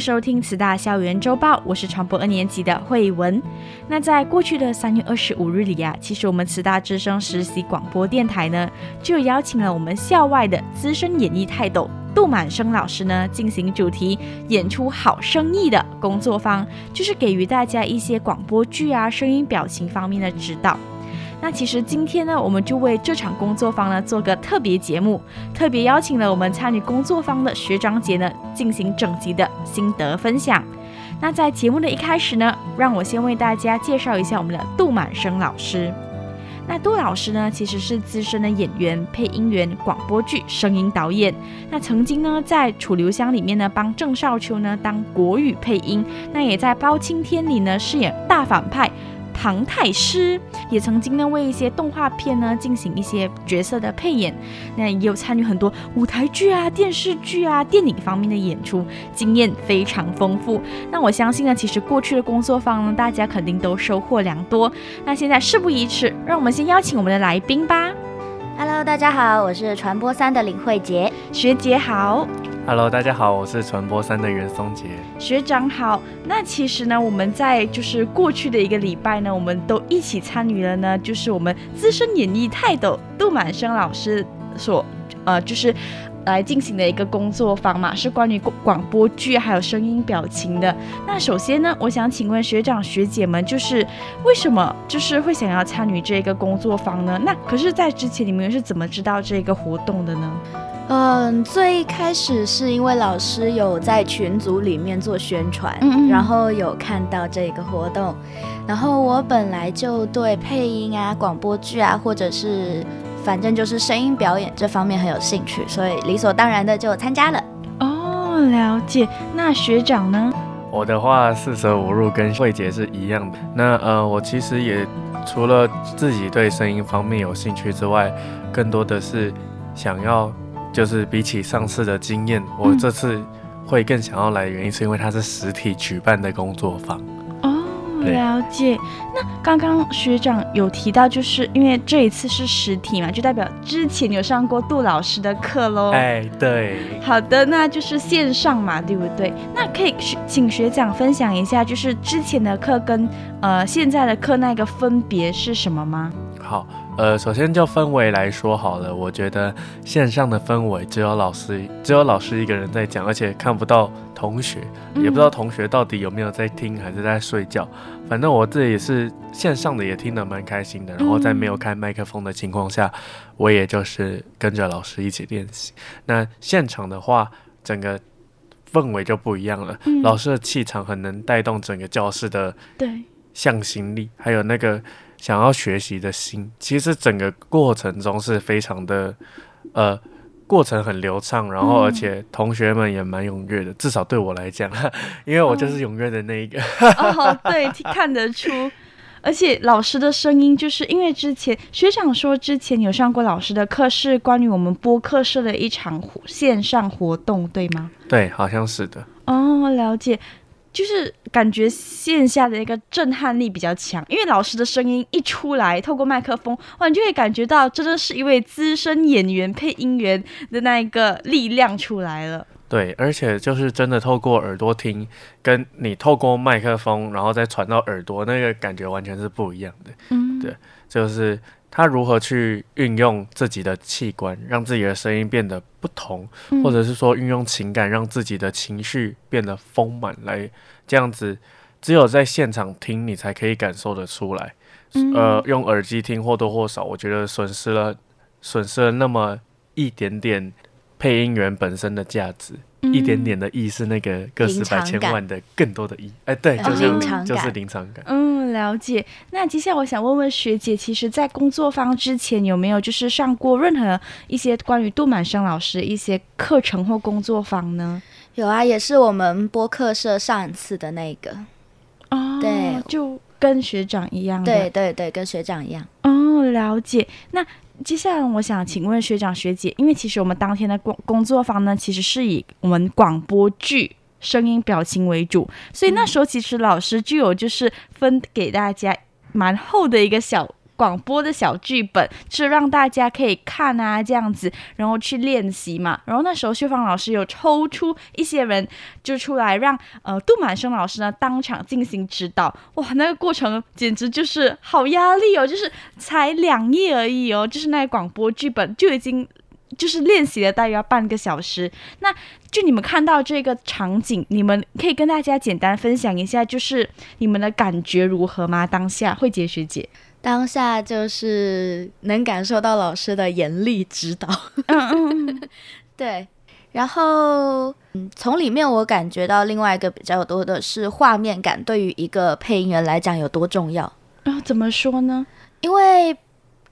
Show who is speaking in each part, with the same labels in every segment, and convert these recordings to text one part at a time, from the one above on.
Speaker 1: 收聽慈大校園週報，我是傳播二年級的慧文。那在過去的三月二十五日裡呀、啊，其實我們慈大之聲實習廣播電台呢，就邀請了我們校外的資深演藝泰斗杜滿生老師呢，進行主題演出好聲音的工作坊，就是給予大家一些廣播劇啊、聲音表情方面的指導。那其實今天呢，我們就為這場工作坊呢做個特別節目，特別邀請了我們參與工作坊的學長姐呢進行整集的心得分享。那在節目的一開始呢，讓我先為大家介紹一下我們的杜滿生老師。那杜老師呢，其實是資深的演員、配音員、廣播劇聲音導演。那曾經呢，在《楚留香》裡面呢，幫鄭少秋呢當國語配音。那也在《包青天》裡呢飾演大反派。唐太師，也曾經呢為一些動畫片呢進行一些角色的配演，那也有參與很多舞台劇啊、電視劇啊、電影方面的演出，經驗非常豐富。那我相信呢，其實過去的工作坊呢，大家肯定都收穫良多。那現在事不宜遲，讓我們先邀請我們的來賓吧。哈嘍，大家好，我是傳播三的林慧婕學姐，好。
Speaker 2: Hello，大家好，我是傳播三的袁崧傑
Speaker 1: 學長，好。那其實呢，我們在就是過去的一個禮拜呢，我們都一起參與了呢，就是我們資深演藝泰斗杜滿生老師所呃就是來進行的一個工作坊嘛，是關於廣播劇還有聲音表情的。那首先呢，我想請問學長學姐們，就是為什麼就是會想要參與這個工作坊呢？那可是，在之前你們是怎麼知道這個活動的呢？
Speaker 3: 嗯，最一開始是因為老師有在群組裡面做宣傳，嗯，嗯，然後有看到這個活動，然後我本來就對配音啊、廣播劇啊，或者是反正就是聲音表演這方面很有興趣，所以理所當然的就參加了。哦，了解。那學長呢？
Speaker 2: 我的話四捨五入跟慧婕是一樣的。那呃，我其實也除了自己對聲音方面有興趣之外，更多的是想要。就是比起上次的經驗，嗯，我這次會更想要來的原因，是因為它是實體舉辦的工作坊。
Speaker 1: 哦，了解。那剛剛學長有提到，就是因為這一次是實體嘛，就代表之前有上過杜老師的課嘍。哎，
Speaker 2: 對。
Speaker 1: 好的，那就是線上嘛，對不對？那可以學請學長分享一下，就是之前的課跟呃現在的課那個分別是什麼嗎？
Speaker 2: 好。呃，首先就氛圍來說好了，我覺得線上的氛圍只有老師只有老師一個人在講，而且看不到同學、嗯，也不知道同學到底有沒有在聽還是在睡覺。反正我自己也是線上的也聽得蠻開心的。然後在沒有開麥克風的情況下、嗯，我也就是跟着老師一起練習。那現場的話，整個氛圍就不一樣了，嗯、老師的氣場很能帶動整個教室的向心力，還有那個。想要學習的心，其實整個過程中是非常的，呃，過程很流暢，然後而且同學們也蠻踴躍的、嗯，至少對我來講，因為我就是踴躍的那一個。哦， 哦，
Speaker 1: 對，看得出， 而且老師的聲音，就是因為之前學長說之前你有上過老師的課，是關於我們播客社的一場線上活動，對嗎？
Speaker 2: 對，好像是的。
Speaker 1: 哦，了解。就是感覺線下的一個震撼力比較強，因為老師的聲音一出來，透過麥克風，哇，你就會感覺到真的是一位資深演員配音員的那一個力量出來了。
Speaker 2: 對，而且就是真的透過耳朵聽，跟你透過麥克風，然後再傳到耳朵，那個感覺完全是不一樣的。嗯，對，就是。他如何去運用自己的器官，讓自己的聲音變得不同，嗯、或者是說運用情感，讓自己的情緒變得豐滿，來這樣子，只有在現場聽，你才可以感受得出來。嗯、呃，用耳機聽或多或少，我覺得損失了，損失了那麼一點點配音員本身的價值、嗯，一點點的意是那個個十百千萬的更多的意。哎、欸，對，就是、嗯、就是臨、就是、場感。嗯
Speaker 1: 了解，那接下來我想問問學姐，其實，在工作坊之前有沒有就是上過任何一些關於杜滿生老師一些課程或工作
Speaker 3: 坊呢？有啊，也是我們播客社上一次的那個。哦，對，就跟學長一樣的，對對對，跟學長一樣。
Speaker 1: 哦，了解。那接下來我想請問學長學姐，因為其實我們當天的工工作坊呢，其實是以我們廣播劇。聲音、表情為主，所以那時候其實老師就有就是分給大家蠻厚的一個小廣播的小劇本，就是讓大家可以看啊這樣子，然後去練習嘛。然後那時候秀芳老師有抽出一些人就出來讓呃杜滿生老師呢當場進行指導，哇，那個過程簡直就是好壓力哦，就是才兩頁而已哦，就是那廣播劇本就已經，就是練習了大約半個小時，那就你們看到這個場景，你們可以跟大家簡單分享一下，就是你們的感覺如何嗎？當下，慧婕學姐，
Speaker 3: 當下就是能感受到老師的嚴厲指導。嗯嗯 對，然後嗯，從裡面我感覺到另外一個比較多的是畫面感，對於一個配音員來講有多重要啊。哦，怎麼說呢？因為。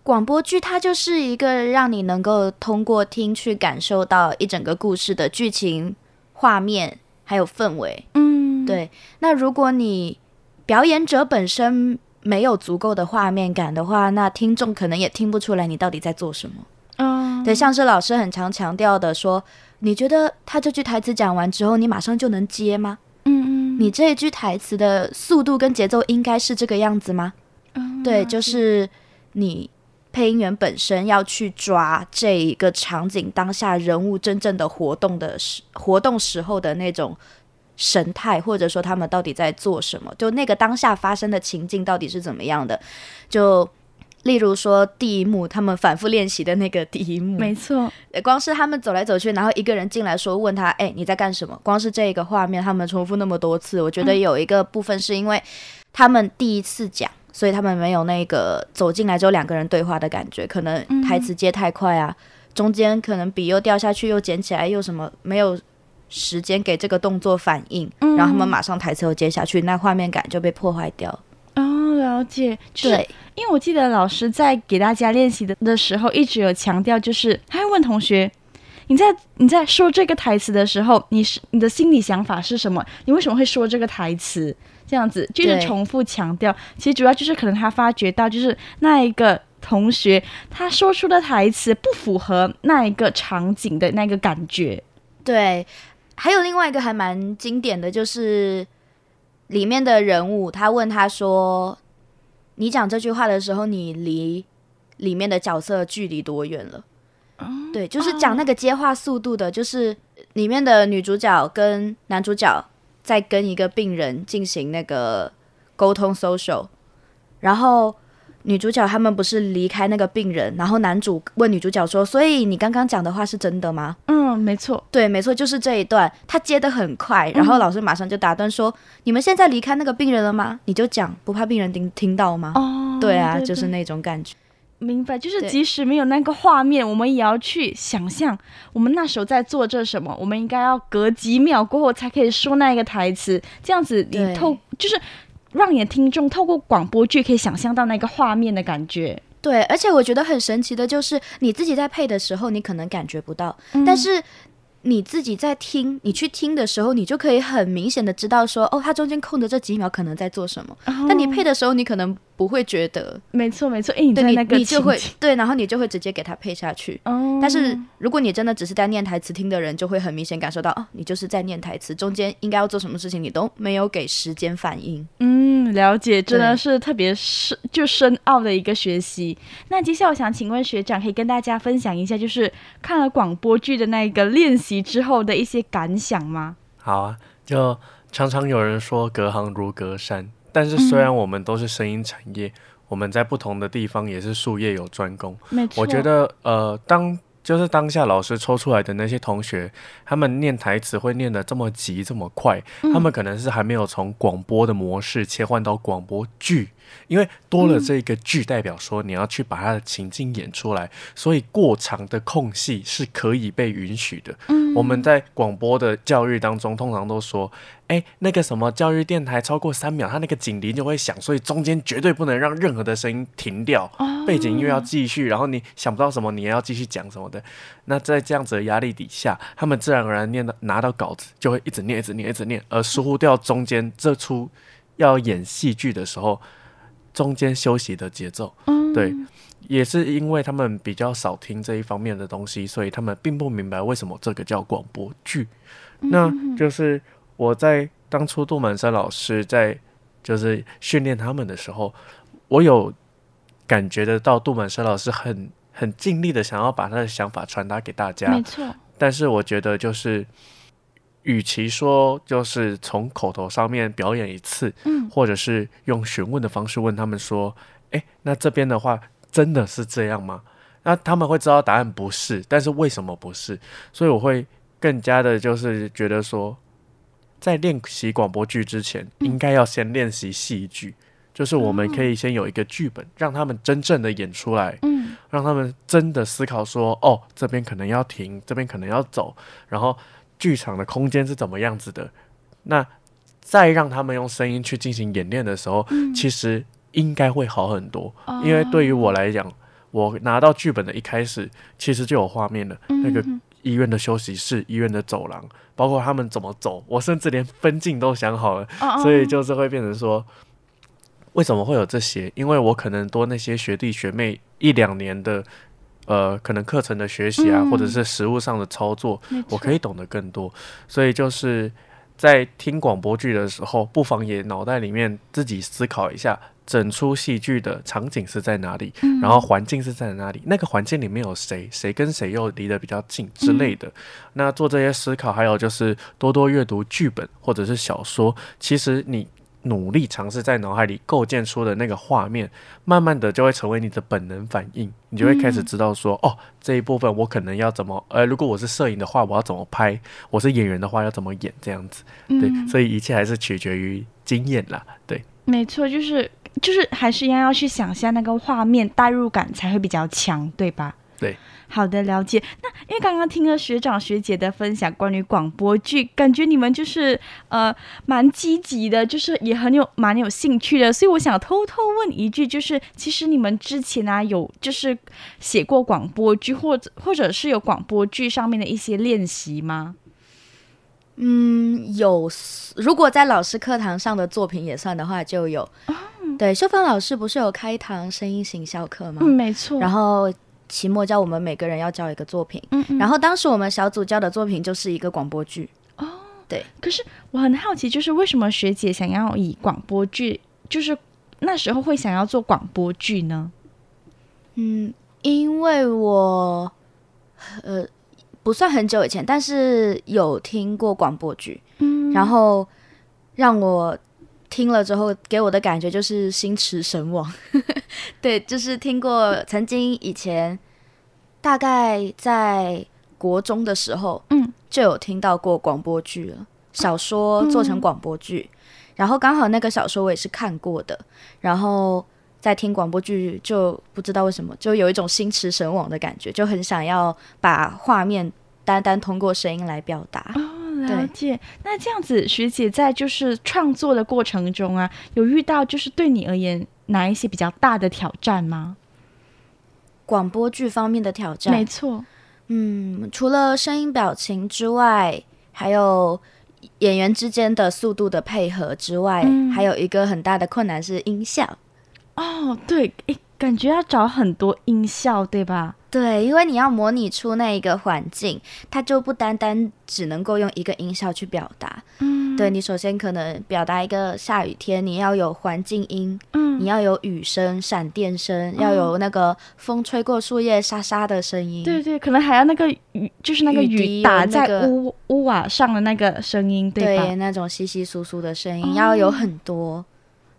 Speaker 3: 廣播劇它就是一個讓你能夠通過聽去感受到一整個故事的劇情、畫面還有氛圍。嗯，對。那如果你表演者本身沒有足夠的畫面感的話，那聽眾可能也聽不出來你到底在做什麼。嗯，對。像是老師很常強調的說，你覺得他這句台詞講完之後，你馬上就能接嗎？嗯嗯。你這一句台詞的速度跟節奏應該是這個樣子嗎？嗯，對，就是你，配音員本身要去抓這一個場景當下人物真正的活動的時活動時候的那種神態，或者說他們到底在做什麼，就那個當下發生的情境到底是怎麼樣的。就例如說第一幕他們反覆練習的那個第一幕，沒錯，光是他們走來走去，然後一個人進來說問他：“哎，你在幹什麼？”光是這個畫面，他們重複那麼多次，我覺得有一個部分是因為他們第一次講。嗯所以他們沒有那個走進來之後兩個人對話的感覺，可能台詞接太快啊，嗯、中間可能筆又掉下去又撿起來又什麼，沒有時間給這個動作反應、嗯，然後他們馬上台詞又接下去，那畫面感就被破壞掉。
Speaker 1: 哦，了解。對，因為我記得老師在給大家練習的的時候，一直有強調，就是他會問同學：“你在你在說這個台詞的時候，你是你的心裡想法是什麼？你為什麼會說這個台詞？”這樣子就是重複強調，其實主要就是可能他發覺到，就是那一個同學他說出的台詞不符合那一個場景的那個感覺。
Speaker 3: 對，還有另外一個還蠻經典的就是裡面的人物，他問他說：“你講這句話的時候，你離裡面的角色距離多遠了、嗯？”對，就是講那個接話速度的，就是裡面的女主角跟男主角。在跟一個病人進行那個溝通，social。然後女主角他們不是離開那個病人，然後男主問女主角說：“所以你剛剛講的話是真的嗎？”嗯，沒錯。對，沒錯，就是這一段，他接得很快，然後老師馬上就打斷說：“嗯、你們現在離開那個病人了嗎？”你就講，不怕病人聽聽到嗎？哦，對啊，對對就是那種感覺。
Speaker 1: 明白，就是即使沒有那個畫面，我們也要去想象我們那時候在做這什麼。我們應該要隔幾秒過後才可以說那個台詞，這樣子你透就是讓你的聽眾透過廣播劇可以想象到那個畫面的感覺。
Speaker 3: 對，而且我覺得很神奇的就是你自己在配的時候，你可能感覺不到、嗯，但是你自己在聽，你去聽的時候，你就可以很明顯的知道說，哦，它中間空的這幾秒可能在做什麼。哦、但你配的時候，你可能。不會覺得，沒錯沒錯，哎、欸，你在那個你就會，對，然後你就會直接給他配下去。哦，但是如果你真的只是在念台詞，聽的人就會很明顯感受到，哦、啊，你就是在念台詞，中間應該要做什麼事情，你都沒有給時間反應。
Speaker 4: 嗯，
Speaker 1: 了解，真的是
Speaker 3: 特別深，就深奧的一個學習。那接下來我想請問學
Speaker 1: 長，可以跟大家分享一下，就是看了廣播劇的那個練習之後的一些感想嗎？
Speaker 2: 好啊，就常常有人說隔行如隔山。但是，雖然我們都是聲音產業、嗯，我們在不同的地方也是術業有專攻。我覺得，呃，當就是當下老師抽出來的那些同學，他們念台詞會念得這麼急這麼快、嗯，他們可能是還沒有從廣播的模式切換到廣播劇，因為多了這個劇，代表說你要去把他的情境演出來，所以過長的空隙是可以被允許的、嗯。我們在廣播的教育當中，通常都說。誒，那個什麼教育電台超過三秒，它那個警鈴就會響，所以中間絕對不能讓任何的聲音停掉，哦、背景音樂要繼續，然後你想不到什麼，你也要繼續講什麼的。那在這樣子的壓力底下，他們自然而然念到拿到稿子就會一直念，一直念，一直念，而疏忽掉中間這出要演戲劇的時候中間休息的節奏。嗯、對，也是因為他們比較少聽這一方面的東西，所以他們並不明白為什麼這個叫廣播劇。那就是。嗯我在當初杜滿生老師在就是訓練他們的時候，我有感覺得到杜滿生老師很很盡力的想要把他的想法傳達給大家。沒錯。但是我覺得就是，與其說就是從口頭上面表演一次，嗯、或者是用詢問的方式問他們說，誒，那這邊的話真的是這樣嗎？那他們會知道答案不是，但是為什麼不是？所以我會更加的，就是覺得說。在練習廣播劇之前，嗯、應該要先練習戲劇，就是我們可以先有一個劇本，嗯，讓他們真正的演出來，嗯，讓他們真的思考說，哦，這邊可能要停，這邊可能要走，然後劇場的空間是怎麼樣子的，那再讓他們用聲音去進行演練的時候，嗯、其實應該會好很多，嗯、因為對於我來講，我拿到劇本的一開始，其實就有畫面了，嗯、那個。醫院的休息室、醫院的走廊，包括他們怎麼走，我甚至連分鏡都想好了、哦，嗯，所以就是會變成說，為什麼會有這些？因為我可能多那些學弟學妹一兩年的，呃，可能課程的學習啊，或者是實務上的操作、嗯，我可以懂得更多。所以就是在聽廣播劇的時候，不妨也腦袋裡面自己思考一下。整出戲劇的場景是在哪裡、嗯？然後環境是在哪裡？那個環境裡面有誰？誰跟誰又離得比較近之類的？嗯、那做這些思考，還有就是多多閱讀劇本或者是小說。其實你努力嘗試在腦海裡構建出的那個畫面，慢慢的就會成為你的本能反應。你就會開始知道說、嗯、哦，這一部分我可能要怎麼？呃，如果我是攝影的話，我要怎麼拍？我是演員的話，要怎麼演？這樣子，嗯、對，所以一切還是取決於經驗啦，對，
Speaker 1: 沒錯，就是。就是還是一樣要去想象那個畫面，代入感才會比較強，對吧？對，好的了解。那因為剛剛聽了學長學姐的分享關於廣播劇，感覺你們就是呃蠻積極的，就是也很有蠻有興趣的。所以我想偷偷問一句，就是其實你們之前啊有就是寫過廣播劇，或者或者是有廣播劇上面的一些練習嗎？
Speaker 3: 嗯，有。如果在老師課堂上的作品也算的話，就有、嗯。對，秀芳老師不是有開一堂聲音行銷課嗎？嗯、沒錯。然後期末叫我們每個人要交一個作品，嗯嗯。然後當時我們小組交的作品就是一個廣播劇。哦。對。可是我很好奇，就是為什麼學姐想要以廣播劇，
Speaker 1: 就是那時候
Speaker 3: 會想要做廣播劇呢？嗯，因為我，呃。不算很久以前，但是有聽過廣播劇，嗯、然後讓我聽了之後給我的感覺就是心馳神往， 對，就是聽過曾經以前大概在國中的時候，嗯，就有聽到過廣播劇了，小說做成廣播劇，嗯、然後剛好那個小說我也是看過的，然後。在聽廣播劇，就不知道為什麼，就有一種心馳神往的感覺，就很想要把畫面單單通過聲音來表達。
Speaker 1: 哦，了解。對，那這樣子，學姐在就是創作的過程中啊，有遇到就是對你而言哪一些比較大的挑戰嗎？
Speaker 3: 廣播劇方面的挑戰，沒錯。嗯，除了聲音表情之外，還有演員之間的速度的配合之外，嗯，還有一個很大的困難是音效。哦、oh,，對，感覺要找很多音效，對吧？對，因為你要模擬出那一個環境，它就不單單只能夠用一個音效去表達。嗯，對你首先可能表達一個下雨天，你要有環境音，嗯，你要有雨聲、閃電聲，嗯、要有那個風吹過樹葉沙沙的聲音。對對，可能還要那個雨，就是那個雨，雨、那個、打在屋屋瓦、啊、上
Speaker 1: 的那個聲音，對吧？對，
Speaker 4: 那
Speaker 3: 種稀
Speaker 1: 稀疏疏的聲音、哦、要有很多。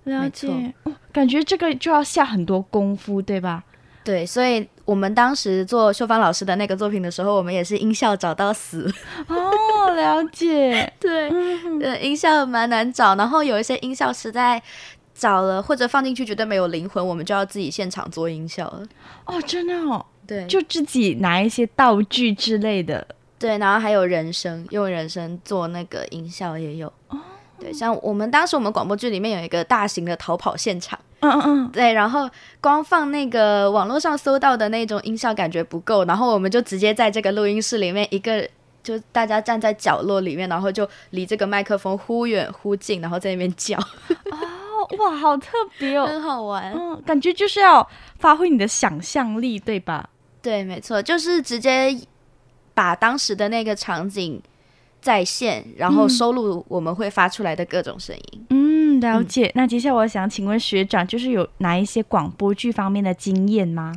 Speaker 4: 了
Speaker 3: 解、哦，感覺這個就要下很多功夫，對吧？對，所以我們當時做秀芳老師的那個作品的時候，我們也是音效找到死。哦，了解， 對、嗯，對，音效蠻難找，然後有一些音效實在找了或者放進去覺得沒有靈魂，我們就要自己現場做音效了。哦，真的哦，對，就自己拿一些道具之類的，對，然後還有人聲，用人聲做那個音效也有。哦對，像我們當時我們廣播劇裡面有一個大型的逃跑現場，嗯嗯嗯，對，然後光放那個網絡上搜到的那種音效感覺不夠，然後我們就直接在這個錄音室裡面，一個就大家站在角落裡面，然後就離這個麥克風忽遠忽近，然後在那邊叫。 哦，哇，好特別哦，很好玩，嗯，感覺就是要發揮你的想象力，對吧？對，沒錯，就是直接把當時的那個場景。在線，然後收錄我們會發出來的各種聲音。嗯，
Speaker 1: 了解。那接下來我想請問學長，就是有哪一些廣播劇方面的經驗嗎？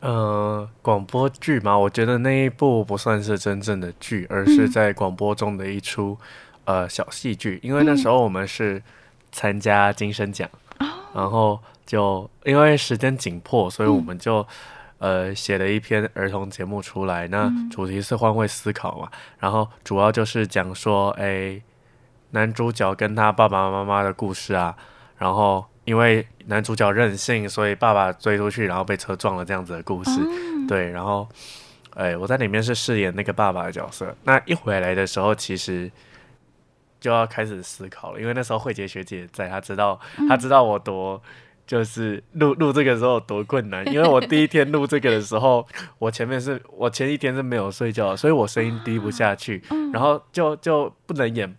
Speaker 2: 呃，廣播劇嘛，我覺得那一部不算是真正的劇，而是在廣播中的一出、嗯、呃小戲劇。因為那時候我們是參加金聲獎，然後就因為時間緊迫，所以我們就。嗯呃，寫了一篇兒童節目出來，那主題是換位思考嘛、嗯，然後主要就是講說，哎，男主角跟他爸爸媽媽的故事啊，然後因為男主角任性，所以爸爸追出去，然後被車撞了這樣子的故事，嗯、對，然後，哎，我在裡面是飾演那個爸爸的角色，那一回來的時候，其實就要開始思考了，因為那時候慧婕學姐在，她知道，嗯、她知道我多。就是錄錄這個的時候有多困難，因為我第一天錄這個的時候， 我前面是我前一天是沒有睡覺，所以我聲音低不下去，啊嗯、然後就就不能演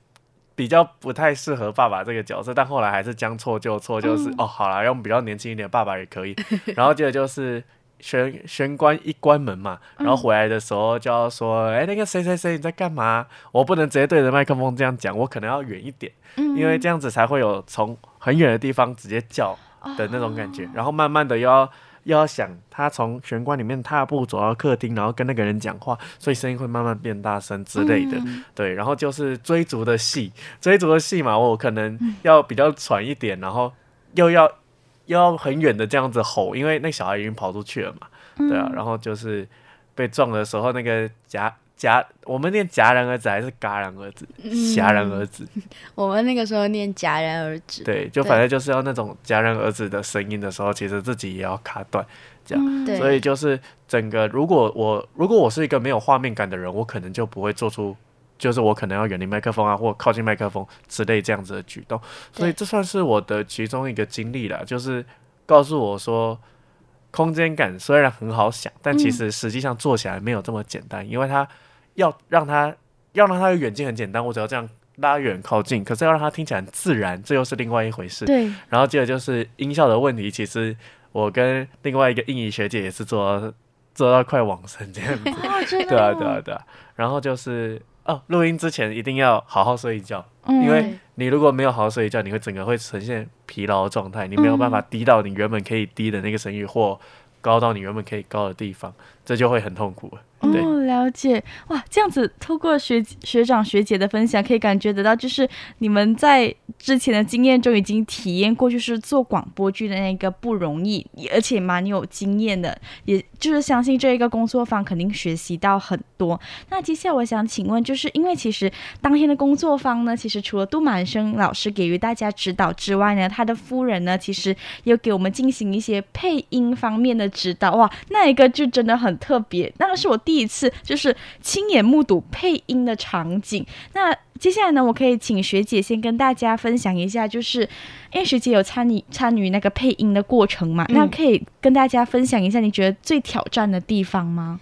Speaker 2: 比較不太適合爸爸這個角色，但後來還是將錯就錯，就是、嗯、哦好啦，用比較年輕一點爸爸也可以。然後接着就是玄玄關一關門嘛，然後回來的時候就要說，哎、嗯欸、那個誰誰誰你在幹嘛？我不能直接對着麥克風這樣講，我可能要遠一點、嗯，因為這樣子才會有從很遠的地方直接叫。的那種感覺，然後慢慢的又要又要想他從玄關裡面踏步走到客廳，然後跟那個人講話，所以聲音會慢慢變大聲之類的。嗯、對，然後就是追逐的戲，追逐的戲嘛，我可能要比較喘一點，嗯、然後又要又要很遠的這樣子吼，因為那小孩已經跑出去了嘛。對啊，嗯、然後就是被撞的時候，那個夾。夾，我們念戛然而止還是戛然而止？戛然而止。
Speaker 3: 我們那個時候念戛然而止。對，就反正
Speaker 2: 就是要那種戛然而止的聲音的時候，其實自己也要卡斷，這樣。嗯、對。所以就是整個，如果我如果我是一個沒有畫面感的人，我可能就不會做出，就是我可能要遠離麥克風啊，或靠近麥克風之類這樣子的舉動。所以這算是我的其中一個經歷了，就是告訴我說，空間感雖然很好想，但其實實際上做起來沒有這麼簡單，嗯、因為它。要讓他，要讓他有遠近很簡單，我只要這樣拉遠靠近。可是要讓他聽起來很自然，這又是另外一回事。對。然後接着就是音效的問題，其實我跟另外一個英語學姐也是做到做到快往生這樣
Speaker 4: 子。對啊對啊
Speaker 2: 對啊。然後就是哦，錄音之前一定要好好睡一覺、嗯，因為你如果沒有好好睡一覺，你會整個會呈現疲勞的狀態，你沒有辦法低到你原本可以低的那個聲域、嗯，或高到你原本可以高的地方，這就會很痛苦。哦，
Speaker 1: 了解。哇，這樣子透過學學長學姐的分享，可以感覺得到，就是你們在之前的經驗中已經體驗過，就是做廣播劇的那個不容易，而且蠻有經驗的。也就是相信這一個工作坊肯定學習到很多。那接下來我想請問，就是因為其實當天的工作坊呢，其實除了杜滿生老師給予大家指導之外呢，他的夫人呢，其實也給我們進行一些配音方面的指導。哇，那一個就真的很特別。那個是我第。一次就是親眼目睹配音的場景。那接下來呢，我可以請學姐先跟大家分享一下，就是因為學姐有參與參與那個配音的過程嘛，嗯，那可以跟大家分享一下你覺得最挑戰的地
Speaker 3: 方嗎？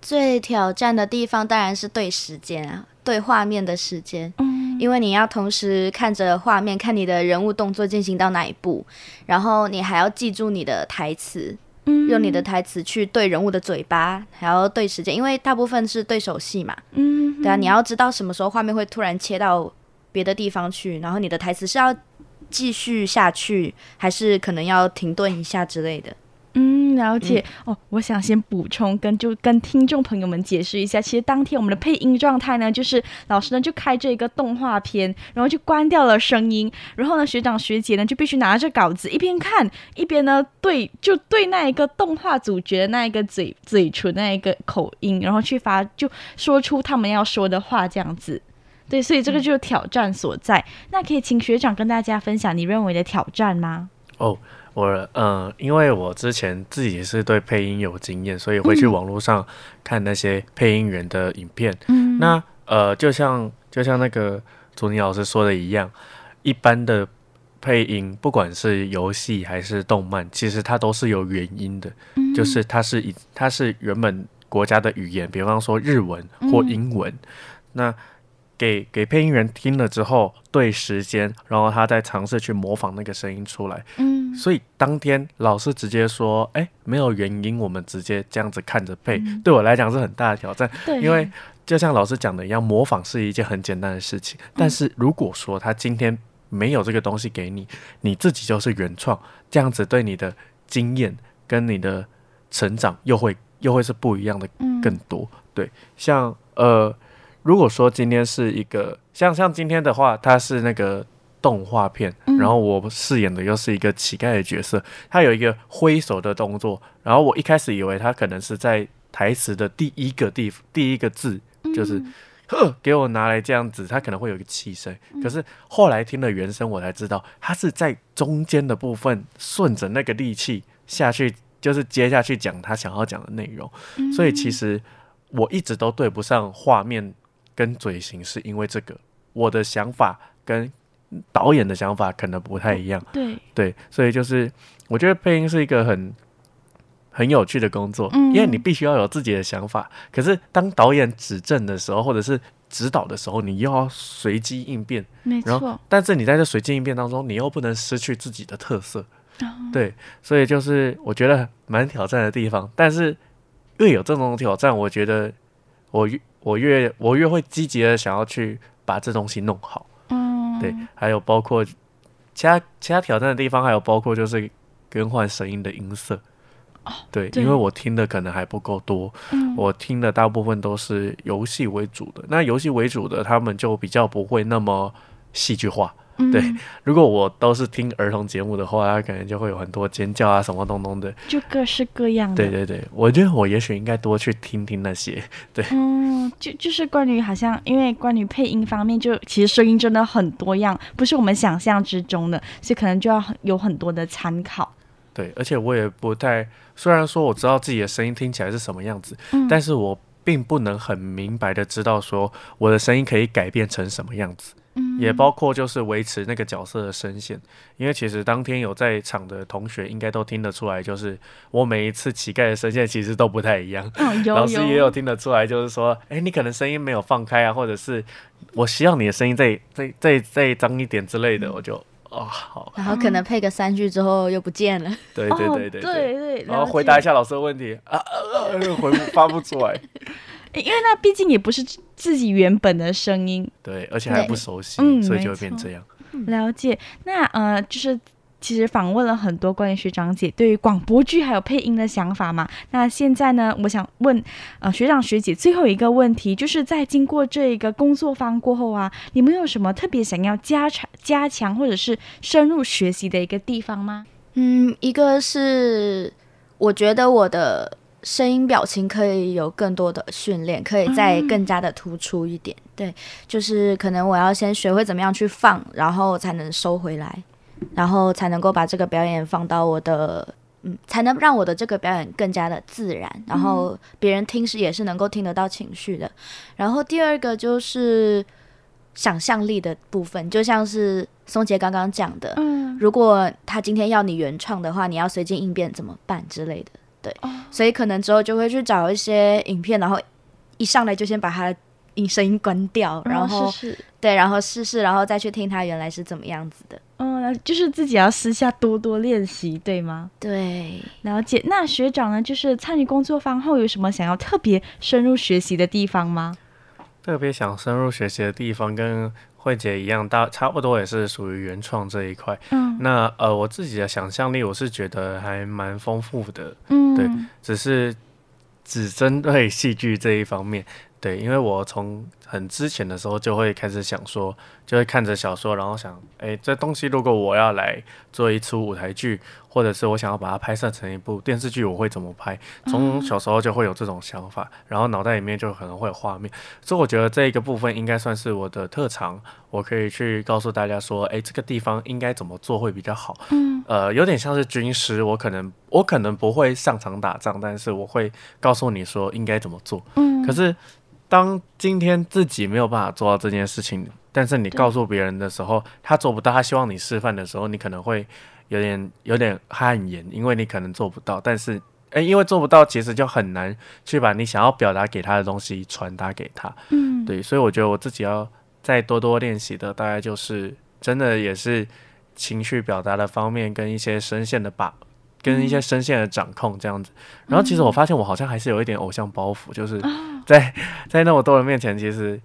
Speaker 3: 最挑戰的地方當然是對時間啊，對畫面的時間。嗯，因為你要同時看着畫面，看你的人物動作進行到哪一步，然後你還要記住你的台詞。用你的台詞去對人物的嘴巴，還要對時間，因為大部分是對手戲嘛。
Speaker 4: 嗯，對啊，你要
Speaker 3: 知道什麼時候畫面會突然切到別的地方去，然後你的台詞是要繼續下去，還是可能要停頓一下之類的。
Speaker 1: 嗯，了解、嗯、哦。我想先補充，跟就跟聽眾朋友們解釋一下，其實當天我們的配音狀態呢，就是老師呢就開着一個動畫片，然後就關掉了聲音，然後呢學長學姐呢就必須拿着稿子一邊看一邊呢對，就對那一個動畫主角的那一個嘴嘴唇那一個口音，然後去發就說出他們要說的話這樣子。對，所以這個就是挑戰所在。嗯、那可以請學長跟大家分享你認為的挑戰嗎？
Speaker 2: 哦。我嗯，因為我之前自己是對配音有經驗，所以回去網絡上看那些配音員的影片。嗯、那呃，就像就像那個祖忞老師說的一樣，一般的配音，不管是遊戲還是動漫，其實它都是有原音的，就是它是以它是原本國家的語言，比方說日文或英文。嗯、那給給配音員聽了之後，對時間，然後他再嘗試去模仿那個聲音出來。嗯、所以當天老師直接說：“誒，沒有原因，我們直接這樣子看着配。嗯”對我來講是很大的挑戰。對，因為就像老師講的一樣，模仿是一件很簡單的事情。嗯、但是如果說他今天沒有這個東西給你、嗯，你自己就是原創，這樣子對你的經驗跟你的成長又會又會是不一樣的。更多、嗯、對像呃。如果說今天是一個像像今天的話，它是那個動畫片、嗯，然後我飾演的又是一個乞丐的角色，他有一個揮手的動作，然後我一開始以為他可能是在台詞的第一個地第一個字，就是、嗯“呵”，給我拿來這樣子，他可能會有一個氣聲，可是後來聽了原聲，我才知道他是在中間的部分，順着那個力氣下去，就是接下去講他想要講的內容、嗯，所以其實我一直都對不上畫面。跟嘴型是因為這個，我的想法跟導演的想法可能不太一樣，哦、對對，所以就是我覺得配音是一個很很有趣的工作、嗯，因為你必須要有自己的想法，可是當導演指正的時候，或者是指導的時候，你又要隨機應變，沒錯，但是你在這隨機應變當中，你又不能失去自己的特色，嗯、對，所以就是我覺得蠻挑戰的地方，但是越有這種挑戰，我覺得我越。我越我越會積極的想要去把這東西弄好，嗯，對，還有包括其他其他挑戰的地方，還有包括就是更換聲音的音色，啊對，對，因為我聽的可能還不夠多，嗯，我聽的大部分都是遊戲為主的，那遊戲為主的他們就比較不會那麼戲劇化。嗯、對，如果我都是聽兒童節目的話，他可能就會有很多尖叫啊什麼東東的，
Speaker 1: 就各式各樣的。對對
Speaker 2: 對，我覺得我也許應該多去聽聽那些。對，
Speaker 1: 嗯，就就是關於好像，因為關於配音方面就，就其實聲音真的很多樣，不是我們想象之中的，所以可能就要很有很多的參考。
Speaker 2: 對，而且我也不太，雖然說我知道自己的聲音聽起來是什麼樣子，嗯、但是我並不能很明白的知道說我的聲音可以改變成什麼樣子。也包括就是維持那個角色的聲線、嗯，因為其實當天有在場的同學應該都聽得出來，就是我每一次乞丐的聲線其實都不太一樣。哦、老師也有聽得出來，就是說，哎、欸，你可能聲音沒有放開啊，或者是我希望你的聲音再再再再髒一點之類的，嗯、我就哦好。
Speaker 3: 然後可能配個三句之後又不見了。 對對對對對對，
Speaker 2: 對、哦對，對。然後回答一下老師的問題 啊個、啊啊啊啊、回復發不出來。
Speaker 1: 因為那畢竟也不是自己原本的聲音，
Speaker 2: 對，而且還不熟悉，所以就會變這樣。
Speaker 1: 嗯、了解。那呃，就是其實訪問了很多關於學長姐對於廣播劇還有配音的想法嘛。那現在呢，我想問呃學長學姐最後一個問題，就是在經過這一個工作坊過後啊，你們有什麼特別想要加強、加強或者是深入學習的一個地方嗎？
Speaker 3: 嗯，一個是我覺得我的。聲音表情可以有更多的訓練，可以再更加的突出一點、嗯。對，就是可能我要先學會怎麼樣去放，然後才能收回來，然後才能夠把這個表演放到我的，嗯，才能讓我的這個表演更加的自然，然後別人聽是也是能夠聽得到情緒的、嗯。然後第二個就是想象力的部分，就像是崧傑剛剛講的，嗯，如果他今天要你原創的話，你要隨機應變怎麼辦之類的。對，所以可能之後就會去找一些影片，哦、然後一上來就先把它的聲音關掉，嗯、然後試試對，然後試試，然後再去聽它原來是怎麼樣子的。
Speaker 1: 嗯，就是自己要私下多多練習，對嗎？對。了解。那學長呢？就是參與工作坊後，有什麼想要特別深入學習的地方嗎？
Speaker 2: 特別想深入學習的地方跟。慧姐一樣，大差不多也是屬於原創這一塊。嗯，那呃，我自己的想象力，我是覺得還蠻豐富的。嗯，對，只是只針對戲劇這一方面。對，因為我從很之前的時候就會開始想說，就會看着小說，然後想，哎，這東西如果我要來做一出舞台劇。或者是我想要把它拍攝成一部電視劇，我會怎麼拍？從小時候就會有這種想法，嗯，然後腦袋裡面就可能會有畫面。所以我覺得這一個部分應該算是我的特長，我可以去告訴大家說，誒，這個地方應該怎麼做會比較好。嗯。呃，有點像是軍師，我可能我可能不會上場打仗，但是我會告訴你說應該怎麼做。嗯。可是，當今天自己沒有辦法做到這件事情，但是你告訴別人的時候，他做不到，他希望你示範的時候，你可能會。有點有點汗顏，因為你可能做不到。但是，哎、欸，因為做不到，其實就很難去把你想要表達給他的東西傳達給他。嗯，對，所以我覺得我自己要再多多練習的，大概就是真的也是情緒表達的方面跟的、嗯，跟一些聲線的把，跟一些聲線的掌控這樣子。然後，其實我發現我好像還是有一點偶像包袱，嗯、就是在在那麼多人面前，其實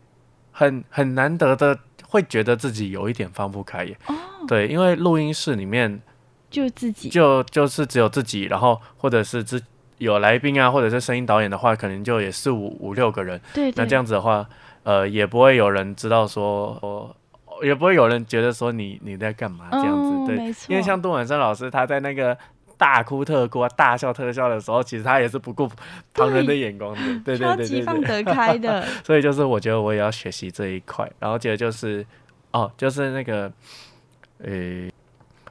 Speaker 2: 很很難得的會覺得自己有一點放不開耶、哦。對，因為錄音室裡面。就自己，就就是只有自己，然後或者是只有來賓啊，或者是聲音導演的話，可能就也是五五六個人。對，對，那這樣子的話，呃，也不會有人知道說，哦，也不會有人覺得說你你在幹嘛這樣子、哦，對。沒錯。因為像杜滿生老師，他在那個大哭特哭、啊、大笑特笑的時候，其實他也是不顧旁人的眼光的，對對，對對對對。超級放得開的。 所以就是我覺得我也要學習這一塊，然後接着就是，哦，就是那個，誒、呃。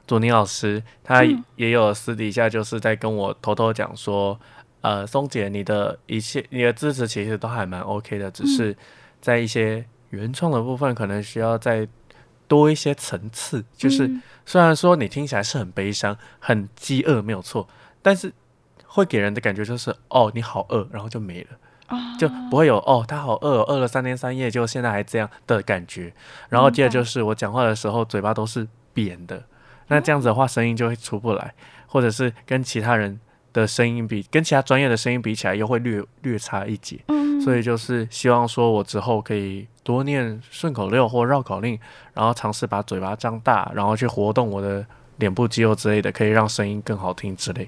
Speaker 2: 祖忞老師，他也有私底下就是在跟我偷偷講說、嗯，呃，崧傑，你的一切你的支持其實都還蠻 OK 的、嗯，只是在一些原創的部分，可能需要再多一些層次。就是雖然說你聽起來是很悲傷、很飢餓，沒有錯，但是會給人的感覺就是哦，你好餓，然後就沒了，就不會有哦，他好餓，餓了三天三夜，就現在還這樣的感覺。然後接着就是我講話的時候，嘴巴都是扁的。那這樣子的話，聲音就會出不來，或者是跟其他人的聲音比，跟其他專業的聲音比起來，又會略略差一截。嗯，所以就是希望說我之後可以多念順口溜或繞口令，然後嘗試把嘴巴張大，然後去活動我的臉部肌肉之類的，可以讓聲音更好聽之類。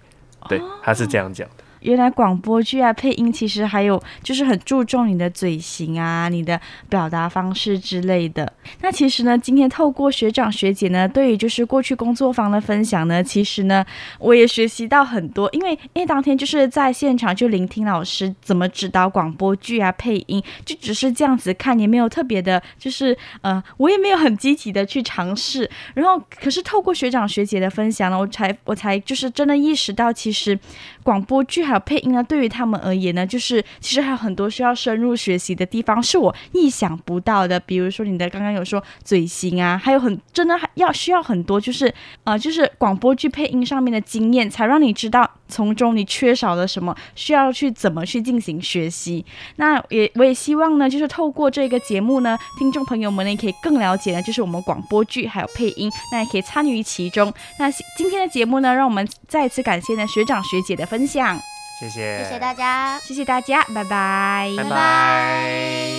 Speaker 2: 對，他是這樣講的。
Speaker 1: 原來廣播劇啊，配音其實還有就是很注重你的嘴型啊，你的表達方式之類的。那其實呢，今天透過學長學姐呢，對於就是過去工作坊的分享呢，其實呢，我也學習到很多。因為因為當天就是在現場就聆聽老師怎麼指導廣播劇啊，配音，就只是這樣子看，也沒有特別的，就是呃，我也沒有很積極的去嘗試。然後可是透過學長學姐的分享呢，我才我才就是真的意識到，其實廣播劇。還有配音呢，對於他們而言呢，就是其實還有很多需要深入學習的地方，是我意想不到的。比如說你的剛剛有說嘴型啊，還有很真的還要需要很多，就是呃，就是廣播劇配音上面的經驗，才讓你知道。從中你缺少了什麼？需要去怎麼去進行學習？那我也我也希望呢，就是透過這個節目呢，聽眾朋友們呢也可以更了解呢，就是我們廣播劇還有配音，那也可以參與其中。那今天的節目呢，讓我們再次感謝呢學長學姐的分享，謝
Speaker 2: 謝，謝謝大家，
Speaker 1: 謝謝大家，拜拜，
Speaker 2: 拜拜。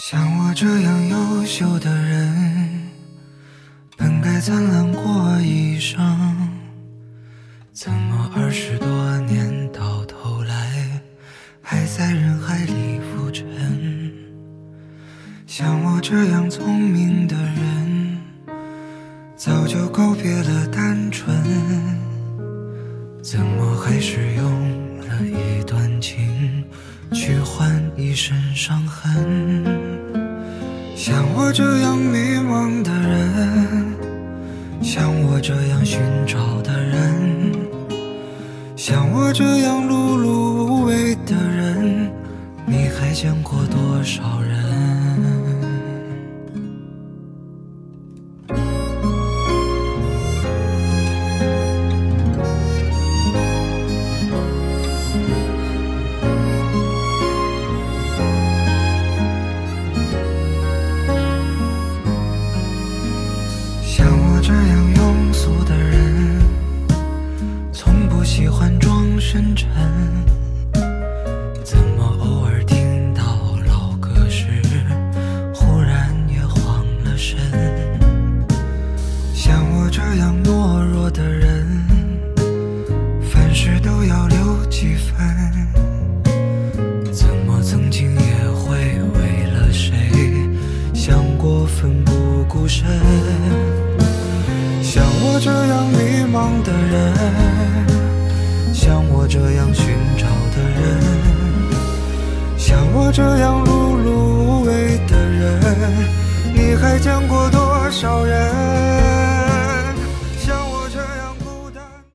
Speaker 4: 像我這樣優秀的人，本該燦爛過一生。二十多年到頭來，還在人海裡浮沉，像我這樣聰明。